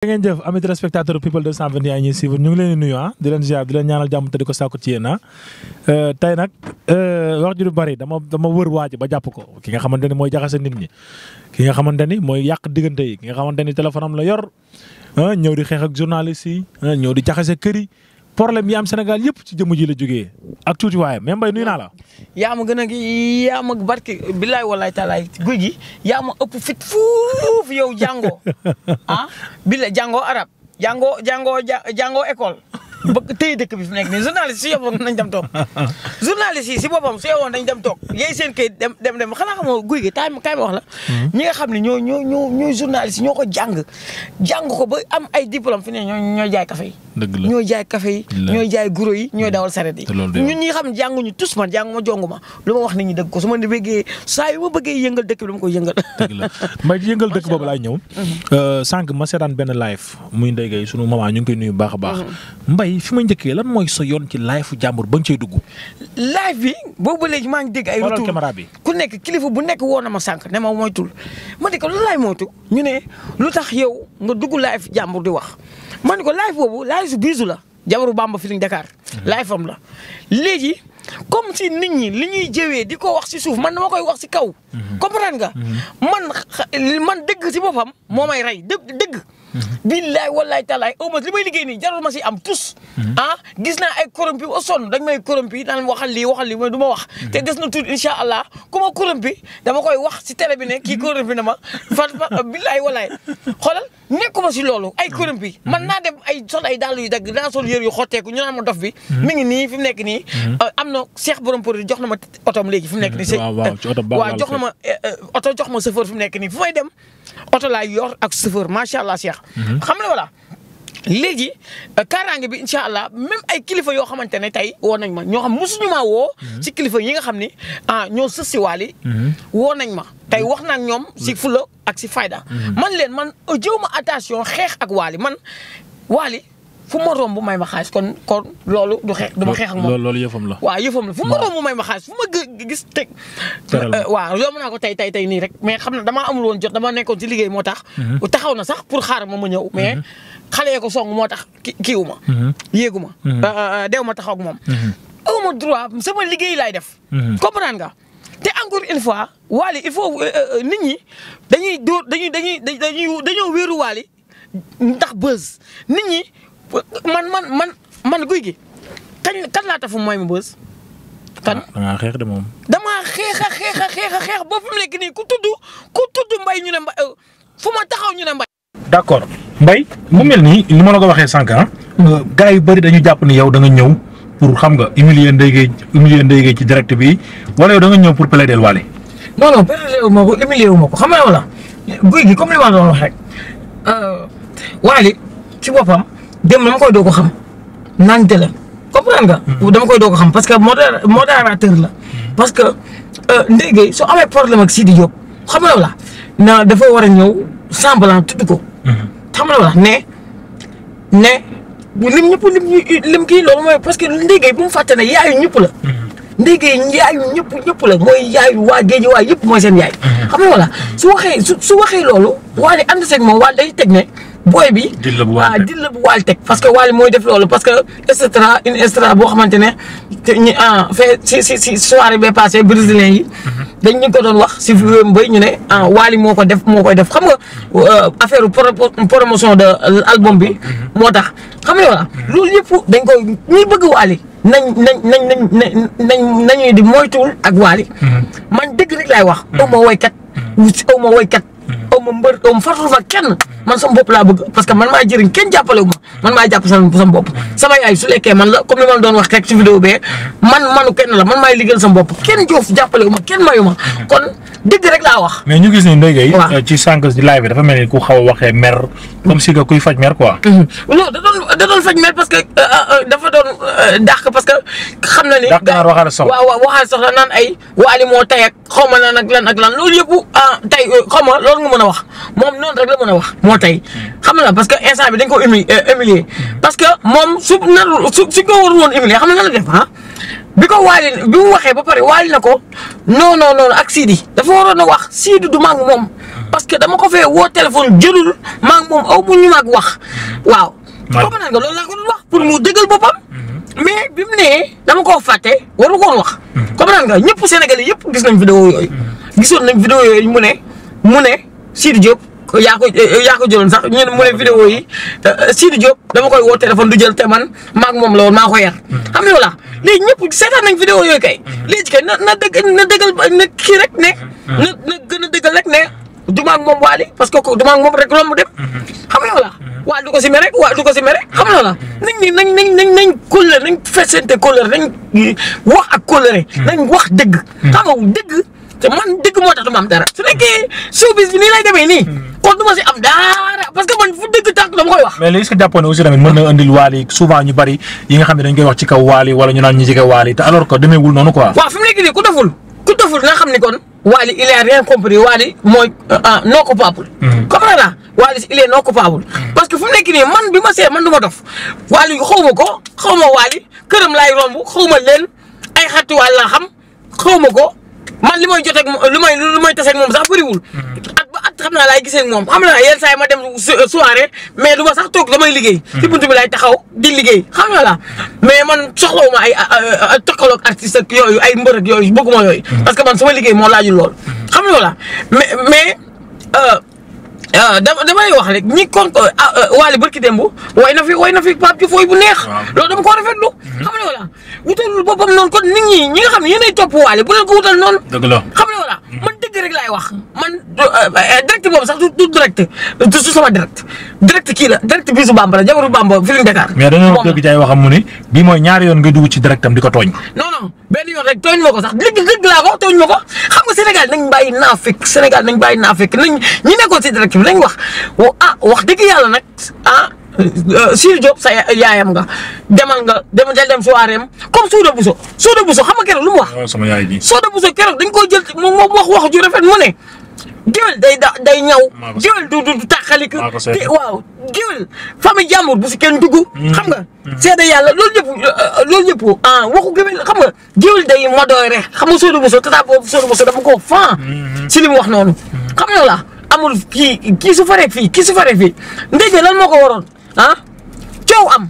da ngeen jëf amit téléspectateur people 221 ñuy suivre ñu ngi leen nuyu ah di leen ziar di leen ñaanal jàmm te di ko sàkku ci ah. euh, tey nag euh, wax ju du bari dama dama wër waaji ba jàpp ko ki nga xamante ni mooy jaxase nit ñi ki nga xamante ni mooy yàq diggante yi ki nga xamante ni téléphone am la yor ah, ñëw di xeex ak journaliste yi ah, ñëw di jaxase kër yi problème yi am Sénégal yëpp ci jëmm ji la jógee ak tuuti waaye mais mbay nuyu naa la. yaa ma gën a yaa ma barke billaay walaay taalaay guy gi yaa ma ëpp fit fuuf yow jàngoo ah billaay jàngoo arab jàngoo jàngoo jàngoo école. bëgg téye dëkk bi fi nekk nii journaliste si yóbbu si boppam su yowoon nañ dem toog yéen seen kayit dem dem dem xanaa xamoo guy gi taay ma wax la. Hmm. ñi nga xam ne ñoo ñoo ñoo ñooy journaliste ñoo ko jàng jàng ko ba am ay diplôme fi ne ñoo ñooy jaay café yi. dëgg jaay café yi. ñooy jaay guro yi ñooy hmm. dawal saret yi. ñun ñi nga xam ne jànguñu tous man jàngu ma jongu ma lu ma wax nit ñi dëgg ko su ma di bëggee saa yu ma bëggee yëngal dëkk bi dama koy yëngal. dëgg la ma yëngal dëkk boobu laay ñëw hmm. euh, sànq ma seetaan benn live muy Ndeye sunu maman ñu ngi koy nuyu baax a baax mbay yi fi ma njëkkee lan mooy sa yoon ci live fu jàmbur ba nga cay dugg. live bi boobu ba léegi maa ngi dégg ay. retour caméra bi ku nekk kilifa bu nekk woon na ma sànq ne ma moytul ma ne ko lu laay moytu ñu ne lu tax yow nga dugg live jàmbur di wax ma ne ko live boobu live su biisu la jabaru Bamba Feeling Dakar. Mhm. live am la léegi. comme si nit ñi li ñuy jëwee di ko wax si suuf man dama koy wax si kaw. Mhm. comprendre nga. Mhm. man man dëgg ci boppam moo may rey dëgg. billaay wallaay talaay au moins li may liggéey ni jarul ma si am tous. Mhm. ah gis naa ay corrompi ba sonn dañ may corrompi naan waxal lii waxal lii mooy du ma wax. Mhm. te des na tuuti incha allah ku ma corrompi dama koy wax si télé bi ne kii mhm. corrompi na ma fan fan ah, billaay wallaay xoolal nekkuma si loolu ay corrompi. man naa dem ay sol ay dàll yu dagg naa sol yër yu xotteeku ñu naan ma dof bi. mi ngi nii fi mu nekk nii. Ah, am na Cheikh borom produit jox na ma otoom léegi fi mu nekk nii. waaw waaw oto waaw jox na ma eh, eh, oto jox ma chauffeur fi mu nekk nii fu may dem oto laay yor ak chauffeur macha allah Cheikh Mm-hmm. xam nga voilà léegi euh, kaaraange bi incha allah même ay kilifa yoo xamante ne tey woo nañ ma ñoo xam mosuñu maa woo. Mm-hmm. ci kilifa yi nga xam ni ah ñoo sës si waali. Mm-hmm. woo nañ ma tey wax naa ñoom si fula ak si fayda. man leen man jëw ma attention xeex ak waali man waali fu ma romb may ma xaalis kon kon loolu du xeex du ma moom loolu loolu yëfam la. waaw yëfam la fu ma romb may ma xaalis fu ma gis teg. waaw yomb naa ko tey tey nii rek mais xam na damaa amul woon jot dama nekkoon ci liggéey moo tax. Mhm. taxaw na sax pour xaar ma ma ñëw. mais mhm. xale yee ko song moo tax ki kiiwu ma. Mhm. yéegu ma. Ah, ah, ah, deew ma taxaw ak moom. aw ma droit sama liggéey laay def. comprendre nga. te encore une fois Wally il faut euh, euh, nit ñi dañuy dóor dañuy dañuy dañuy dañoo wéeru Wally ndax buzz nit ñi. man man man man guy gi kañ laata laa tafu mooy mu bës. kan ah, da xeex de moom. damaa xeex a xeex a xeex a nii ku tudd ku tudd mbay ñu ne mba euh, fu ma taxaw ñu ne mbay. d' accord mbay mu mel nii ni ma la ko waxee sànq ah. gars yu bëri dañu jàpp ni yow danga ñëw pour xam nga humilier Ndeye Gueye humilier Ndeye ci direct bi wala yow da ñëw pour plaider Wally. non non plaider wu ma ko humilier wu ma ko dem dama koy doo ko xam naante la comprendre nga. Hmm. dama koy doo ko xam parce que modér modérateur la. Hmm. parce que euh, Ndeye Gueye soo amee problème ak Sidi Diop xam nga la na dafa war a ñëw semblant tudd ko. Hmm. xam nga la ne ne lim ñëpp lim lim kii loolu mooy parce que Ndeye Gueye bu mu fàtte ne yaayu ñëpp la. Ndeye Gueye yaayu ñëpp ñëpp la mooy yaayu waa géej waa yëpp mooy seen yaay. xam nga la su waxee su su waxee loolu waa ne ànd seeg moom waa day teg ne. booy bi. dil la bu waal ah, teg ah dil la bu waal teg parce que waal mooy def loolu parce que extra une extra boo xamante ne te ñu ah fee si si si soirée bee passé brésilien yi. Mhm. dañ ñu ko doon wax si réew bay ñu ne ah waali moo ko def moo koy def xam nga euh, affaire promotion de album bi. Mhm. moo tax xam nga voilà. Mhm. loolu yëpp dañ ko ñuy bëgg waali nañ nañ nañ nañ nañ nañuy di moytuwul ak waali man dëgg rek laay wax. aw ma woykat. aw ma woykat. ma mbër aw ma faratu fa kenn man sama bopp laa bëgg parce que man maa jëriñ kenn jàppale ma man maa jàpp sama sama bopp sama yaay su lekkee man la man manu kenn sama bopp kenn joof jàppale ma kenn mayu kon dëgg rek laa wax. mais ñu gis ni Ndeye euh, ci sànq ci live dafa mel ni ku xaw a waxee mer comme si que kuy faj mer quoi. dafa doon euh, dàq parce xam na ni. waali moo tay ak xaw ma ak lan loolu yëpp ah, tay xaw loolu nga mën a wax wax moom noonu rek la mën a wax moo tey xam nga parce que instant bi dañ ko euh, humilier parce que moom su narul su su ko warul nga la def ah? bi ko waali bi mu waxee ba pare waali na ko non non non ak Sidi dafa waroon a wax Sidi du mag moom parce que dama ko fee woo téléphone jëlul mag moom aw mu ñu mag wax waaw. waaw comprendre nga loolu laa ko wax pour mu dëggal boppam. Mhm. mais bi mu nee dama koo fàtte waru ko woon wax. Mhm. comprendre nga ñëpp Sénégalais yëpp gis nañ vidéo yooyu. Mhm. Sidi Diop yaa ko ko jëloon sax ñun mu ne vidéo yi Sidi Diop dama koy woo téléphone du jël te man maag moom la woon maa ko yar. xam nga voilà léegi ñëpp seetaan nañ vidéo yooyu kay. léegi kay na na dëgg na dëggal na kii rek ne. na na gën a dëggal rek ne du maag moom waali parce que ko du maag moom rek romb dem. xam nga waa du ko si mere waa du ko si mere xam la nañ ni nañ nañ nañ nañ kóllëre nañ fesante kóllëre nañ wax ak kóllëre. nañ wax dëgg. xam nga dëgg. te man dëgg moo tax du ma am dara su nekkee showbiz bi nii lay demee nii. Hmm. kon du ma si am dara parce que man fu dëgg tànk dama koy wax. mais léegi est-ce que jàppoon aussi waal a rien euh, euh, hmm. hmm. que fu mu nekk nii man bi ma ma dof waali xaw ma ko xaw ma ma laa xam xaw ko. man li may joteeg moom li may li may taseeg moom sax bëriwul. Mm-hmm. at ba at xam naa laay gisee moom xam naa yenn saa ma dem soirée mais du ma sax toog damay liggéey. ci mm-hmm. buntu bi laay taxaw di liggéey xam naa la mm-hmm. mais man soxlawuma ay ay tokkaloog artiste ak yooyu ay mbër ak yooyu bëgguma yooyu. parce que man sama liggéey moo laajul lool. xam nga la mais mais. Euh, Ah, dama damay wax rek ñi kon ah, ah, waale barki démb way na fi way na fi Pape Diouf fooy bu neex. loolu dama ko rafetlu. Mhm. xam nga voilà wutalul boppam noonu kon nit ñi ñi nga xam ne yéenay topp waale bu leen ko wutal noonu. dëgg la xam voilà man dëgg rek laay wax man euh, euh, direct boobu sax du direct du sama direct direct kii la direct bisu Bamba la jabaru Bamba Feeling Dakar. mais dañoo dëgg jaay waxam mu yoon nga dugg ci directam di ko tooñ. non non benn yoon rek tooñ ma ko sax dëgg dëgg laa ko tooñ ma xam nga Sénégal nañ bàyyi naafik Sénégal nañ bàyyi naafik nañ ñi nekkoon si direct bi nañ wax ah, wax dëgg yàlla nag ah. Euh, Sidi Diop sa yaayam nga demal nga demal del dem soirée am comme Souda Bousso Souda Bousso xam nga keroog lu mu wax. waaw sama yaay ji Souda Bousso keroog dañ koo jël moom moo wax wax ju rafet mu ne. géwél day da day ñaw. géwél du du tàqalik waaw géwél famille jàmbur bu si kenn dugg. Mm. xam nga. Mm. seede yàlla loolu yëpp euh, euh, loolu yëpp ah waxu géwél xam nga géwél day modéré xam nga Souda Bousso tata boobu Souda Bousso dafa koo fan. Mm-hmm. si li mu wax noonu. Mm-hmm. xam nga la amul kii kii su fii kii fare fii ndege lan moo ko waroon. ah coow am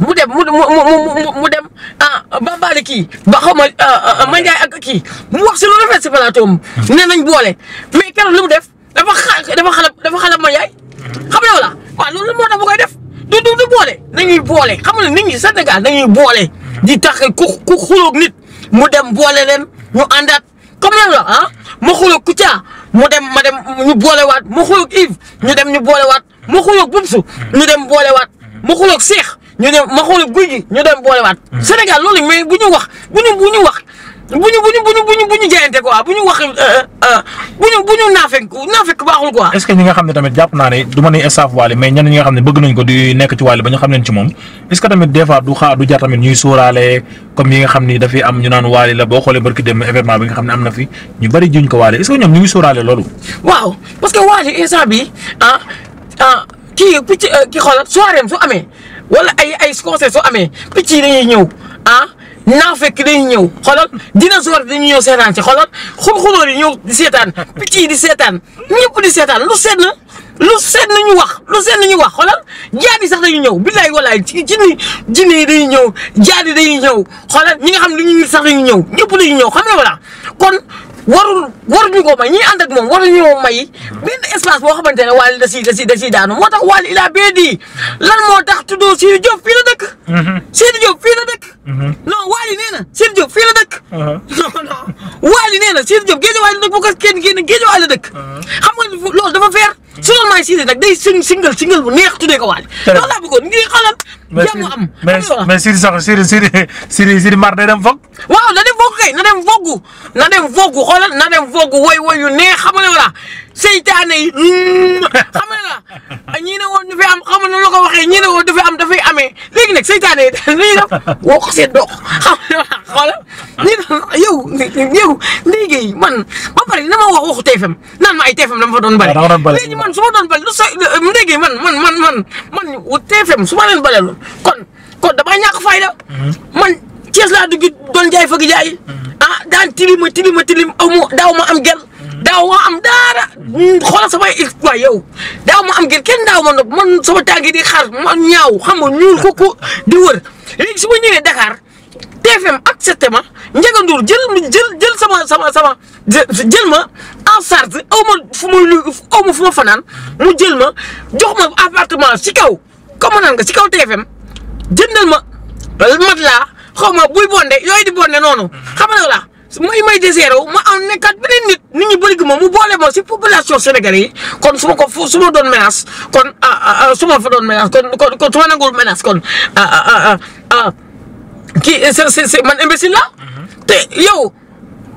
mu dem mu mu mu dem ah bambaale kii ba xaw a ma ah, ah, ah, Ndiaye ak kii mu wax si lu rafet si nee nañ boole mais keroog li mu def dafa xa dafa xala dafa xam nga wala waaw loolu moo tax bu koy def du du boole nañuy boole xam nga nit ñi Sénégal nañuy boole. di tax ku ku xuloog nit mu dem boole leen ñu àndaat comme lan la ah ma xuloog Kouthia mu dem ma dem ñu boolewaat ma xuloog Yves ñu dem ñu boolewaat. ma xuloog bubsu ñu dem boolewaat ma xuloog seex ñu dem ma xuloog guy gi ñu dem boolewaat mm. Sénégal loolu mais bu ñu wax bu ñu bu ñu wax bu ñu bu ñu bu ñu bu ñu bu ñu jaayante quoi bu ñu wax euh, euh, bu ñu bu ñu naafeek naafeek baaxul quoi. est-ce que ñi nga xam ne tamit jàpp naa ne du ma ni staff Wally mais ñenn ñi nga xam ne bëgg nañ ko di nekk ci Wally ba ñu xam leen ci moom est-ce que tamit des fois du xaar du jar tamit ñuy sóoraale comme yi nga xam ni dafay am ñu naan Wally la boo xoolee barki dem événement bi nga xam ne am na fi ñu bari juñ ko Wally est-ce que ñoom ñu ngi sóoraale loolu. waaw parce que Wally instant bi ah ah kii picc euh, ki xoolal soiréem su amee wala ay ay conseil su amee picc yi dañuy ñëw ah naa fekk dañuy ñëw dina dinosaure dañuy ñëw seetaan ci xoolal xul-xulóor yi ñëw di seetaan picc yi di seetaan ñëpp di seetaan lu seet na lu seet na ñu wax lu seet na ñu wax xoolal jaadi sax dañuy ñëw billaay walaay ci jinni jinni yi dañuy ñëw jaadi dañuy ñëw xoolal ñi nga xam ne dañuy sax dañuy ñëw ñëpp dañuy ñëw xam nga wala kon. warul waruñu ko may ñi ànd ak moom waruñu ko may benn espace boo xamante ne Wally da si da si daanu moo tax Wally il a bien dit lan moo tax tuddoo Sidi Diop fii la dëkk. Mhm. Sidi Diop fii la dëkk. Mhm. non Wally nee na Sidi Diop fii la dëkk. Uh-huh. non non Wally nee na Sidi Diop géej waay la dëkk bu ko kenn génn géej waay la uh-huh. xam nga loolu dafa feer. Souleymane Cissé nag day sing single single bu neex tuddee ko waale. loolu laa bëggoon ngi xoolal. jàmm am am mais Sidi sax Sidi Sidi Sidi Sidi Mar day dem foog. waaw na dem foog kay na dem foogu na dem foogu na dem foogu woy woy yu neex xam nga wala seytaane yi mm, xam nga la ah, ñii ne woon du fi am xam nga nu la ko waxee ñii ne woon du am dafay ame léegi nek seytaane yi dañuy def woo ko dox nit yow yow léegi man ba pare na ma wax waxu TFM na ma ay TFM dama fa ah, doon bale léegi man su ma doon bale lu so man man man man man TFM su ma leen bale lool kon kon damaa ñàkk fayda mm-hmm. man Thiès laa dugg doon jaay fëgg jaay mm-hmm. a ah, daan ma tilima tilim aw ma daaw ma am gel mm-hmm. daaw ma am daara mm, xoolal samay exploit yow daaw ma am gel kenn daaw ma nopp man sama tànk di xar ma ñaaw xam nga ñuul kooku di wër léegi su ma ñëwee dakaar TFM accepté ma Ndiaga Ndour jël jël jël sama sama sama jël ma en charge aw ma fu muy lu aw ma fu ma fanaan mu jël ma jox ma appartement si kaw ma naan nga si kaw TFM jëndal ma mat laa xaw ma buy bonde yooyu di bonde noonu xam nga la may may deseeroo ma am nekkat beneen nit nit ñi bëri ma mu boole ma si population sénégalais yi kon su ma ko fu su ma doon menace kon ah, ah, ah, su ma fa doon menace kon kon su ma nangul menace kon. kii c'est eh, man imbécile la mm-hmm. te yow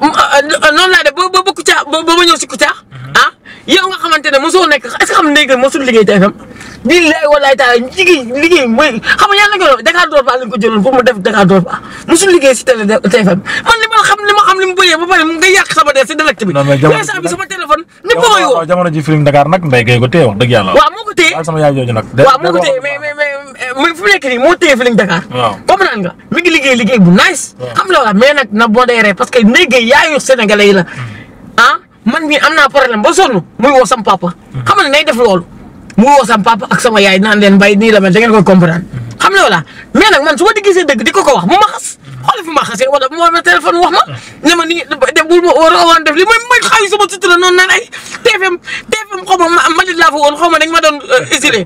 mm, ah, ah, noonu laa def ba ba Kouthia ba ba ma ñëw si Kouthia mm-hmm. ah yow nga xamante ne mosoo nekk est xam ne léegi mosul liggéey TFM billaay wallaay taala liggéey liggéey ba ko jëloon pour mu def Dakar door man li ma xam li ma xam li mu bëree ba pare mu ngay yàq sama der si direct bi. non mais jamono ji bi sama téléphone. ni booy woo ji film Dakar nag Mbaye Gueye ko téye wax dëgg yàlla. mu fi nekk nii moo téye Feeling Dakar. waaw comprendre ngi liggéey liggéey bu nice. xam nga la mais nag na modéré parce que ndéggee yaayu sénégalais yi la mm-hmm. ah, man mii am naa problème ba sonn muy woo sam papa. Mm-hmm. xam nga nay def loolu muy woo sam papa ak sama yaay naan leen mbay nii la mel da ngeen koy yow laa mais nag man su ma di gisee dëgg di ko ko wax mu ma xas xool fi ma xasee na mu ma wax ma ne ma nii de bul ma war a woon ma li may may xaayu sama sutura noonu naan ay TFM TFM xaw ma Madrid laa fa woon xaw ma dañ ma doon euh, isolé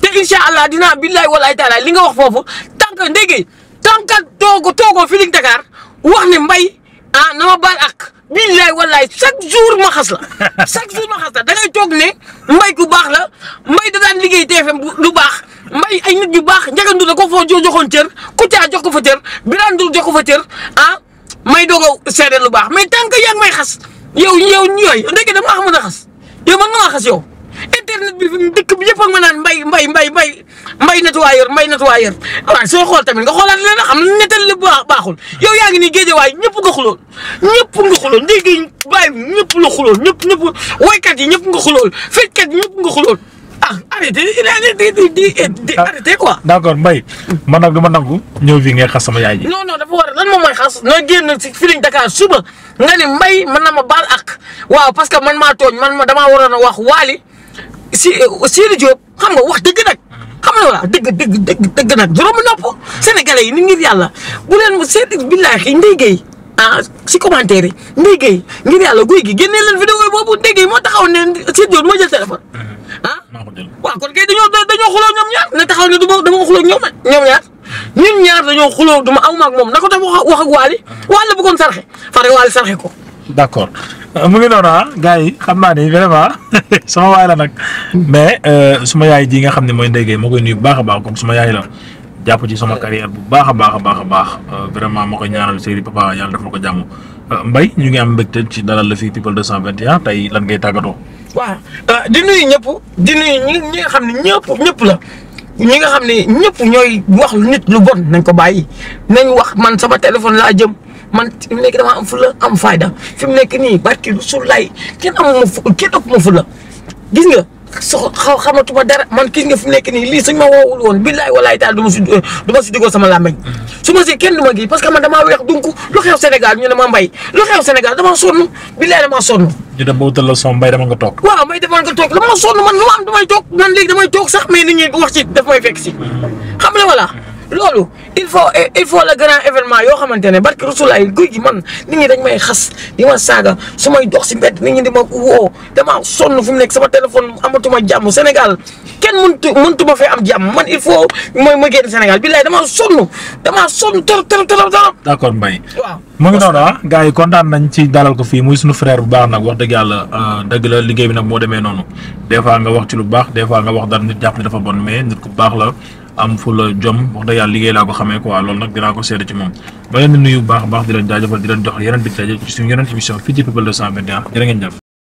te incha allah dinaa billahi walaay taala li nga wax foofu tànk ndéggee tànk toogo toogo Feeling Dakar wax ne mbay ah na ma baal ak billahi walaay chaque jour ma xas la chaque jour ma xas la da ngay toog ne mbay ku baax la. ay nit yu baax Ndiaga Ndour da ko foo joxoon cër Kouthia jox ko fa cër Birane Ndour jox ko fa cër ah may doog a seede lu baax may tant que yaa may xas yow yow yooyu ndeke dama xamul a xas yow ma nga maa xas yow. internet bi dëkk bi yëpp ak ma naan mbay mbay mbay mbay mbay nettoyeur mbay nettoyeur waaw soo xool tamit nga xoolaat leen xam ne nettal la baaxul yow yaa ngi nii waaye ñëpp nga xulool ñëpp nga xulool ndéegi bàyyi ñëpp la xulool ñëpp ñëpp waykat yi ñëpp nga xulool fecckat yi nga xulool arrêté il a di di di arrêté quoi. d' accord Mbaye man nag dama nangu ñëw xas sama yaay ji. non non dafa war lan moom mooy xas nga génn si Feeling Dakar suba nga ni Mbaye mën na ma baal ak waaw parce que man maa tooñ man ma damaa waroon a wax Waly si euh, Sidi Diop xam nga wax dëgg nag. xam nga voilà dëgg dëgg dëgg dëgg nag juróomi nopp sénégalais yi ni ngir yàlla bu leen billaahi Ndeye Gueye ah si commentaire yi Ndeye Gueye ngir yàlla guy gi génnee leen vidéo boobu Ndeye Gueye moo taxaw ne Sidi Diop moo jël téléphone. ah kon kay dañoo xuloo ñoom ñaar na taxaw ne du dama xuloo ñoom ñaar ñun ñaar dañoo xuloo duma aw ma moom na ko def wax ak Waly Waly ah. la bëggoon sarxe fare Waly sarxe ko d' accord euh, mu ngi noonu ah gars yi xam naa ni vraiment sama waay la nag mais euh, suma yaay ji nga xam ne mooy ndéygee moo koy nuyu bu baax a suma yaay la jàpp ci sama carrière bu baax a baax a baax a baax euh, vraiment ma koy ñaanal série papa yàlla def na ko jàmm Mbaye ñu ngi am mbégte ci dalal la fii people 221 tey lan ngay tàggatoo. waaw euh, di nuyu ñëpp di nuyu ñi ñi nga xam ne ñëpp ñëpp la ñi nga xam ne ñëpp ñooy wax nit lu bon nañ ko bàyyi nañ wax man sama téléphone laa jëm man fi mu nekk damaa am fulla am fayda fi mu nekk nii barki su lay kenn na fu kenn ëpp ma fulla gis nga. sox xaw xamatuma dara man kii nga fi nekk nii lii suñ ma woowul woon billaay walaay taal du ma si du ma sama làmmiñ su ma si kenn du ma gi parce que man damaa weex donc lu xew Sénégal ñu ne ma mbay lu xew Sénégal damaa sonn billaay damaa sonn ñu dem ba nga toog ma am damay toog man léegi damay toog sax mais nit ñi wax ci daf may fekk si xam nga voilà loolu il faut eh, il faut le grand événement yoo xamante ne barki rasulaay guy gi man nit ñi dañ may xas di ma saaga su may dox si mbedd nit ñi di ma woo damaa sonn fu mu nekk sama téléphone amatuma jàmm Sénégal kenn mëntu mëntuma fee am jàmm man il faut mooy ma génn Sénégal billaay damaa sonn damaa sonn torop torop torop torop. d'accord Mbaye. waaw mu ngi noonu ah gars yi kontaan nañ ci dalal ko fii muy sunu frère bu baax nag wax dëgg yàlla euh, dëgg la liggéey bi nag moo demee noonu des fois nga wax ci lu baax des fois nga wax dara jàpp dafa bon mais nit ku baax la. am fu la jom wax dëgg yàlla liggéey laa ko xamee quoi loolu nag dinaa ko seede ci moom ma leen di nuyu bu baax a baax di leen jaajëfal di jox yeneen bi daje ci suñu yeneen émission fii ci People 221 jërë ngeen jëf